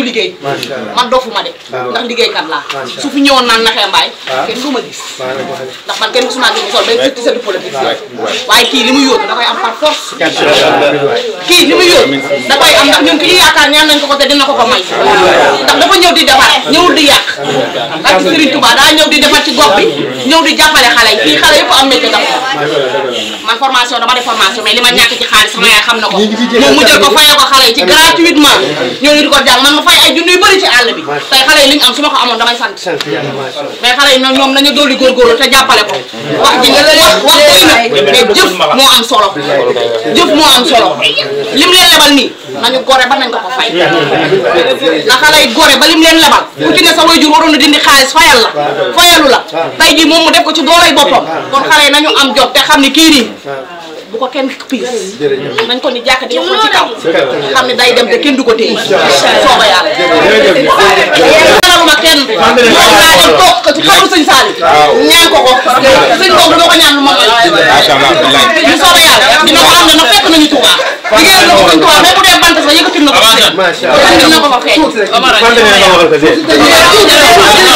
ñu liggéey man dofuma de ndax liggéeykat laa su fi ñëwoon naan naxee mbaay ah. kenn du ma gis ndax man kenn musuma gis mu sol day ci seen politique waaye kii li mu yóotu da am par force kii li mu yóotu da am ndax ñun ki ñu yaakaar ñaan nañ ko ko te ko ko may ndax dafa ñëw di defar ñëwul di yàq ak Serigne Touba daa ñëw di defar ci gox bi ñëw di jàppale xale yi fii xale yëpp am métier daf man formation dama def formation mais li ma ñàkk ci xaalis sama yaay xam na ko moom mu jël ko fayal ko xale yi ci gratuitement ñooñu di ko jàng man ma fay ay junni yu bëri ci àll bi tey xale yi li am su ko amoon damay sant mais xale yi nag nañu dolli góorgóorlu te jàppale ko wax ji nga wax doy na mais jëf moo am solo lim leen lebal nii nañu gore ba nañ ko ko fay ndax xale yi gore ba lim leen lebal ku ci ne sa waajur waroon na dindi xaalis fayal la fayalu la tey jii moom mu def ko ci doolay boppam kon xale yi nañu am jot te xam ne kii bu ko kenn piis nañ ko di wax ko ci kaw dem kenn du ko téye sooba yàlla daraluma kenn moom laa dem toog ko ci doo ko ñaan lu ma liggéeyal na ko suñ tubaab même bu dee bant sax yëkkatil na ko. macha allah yëkkatil na ko fa feeñ.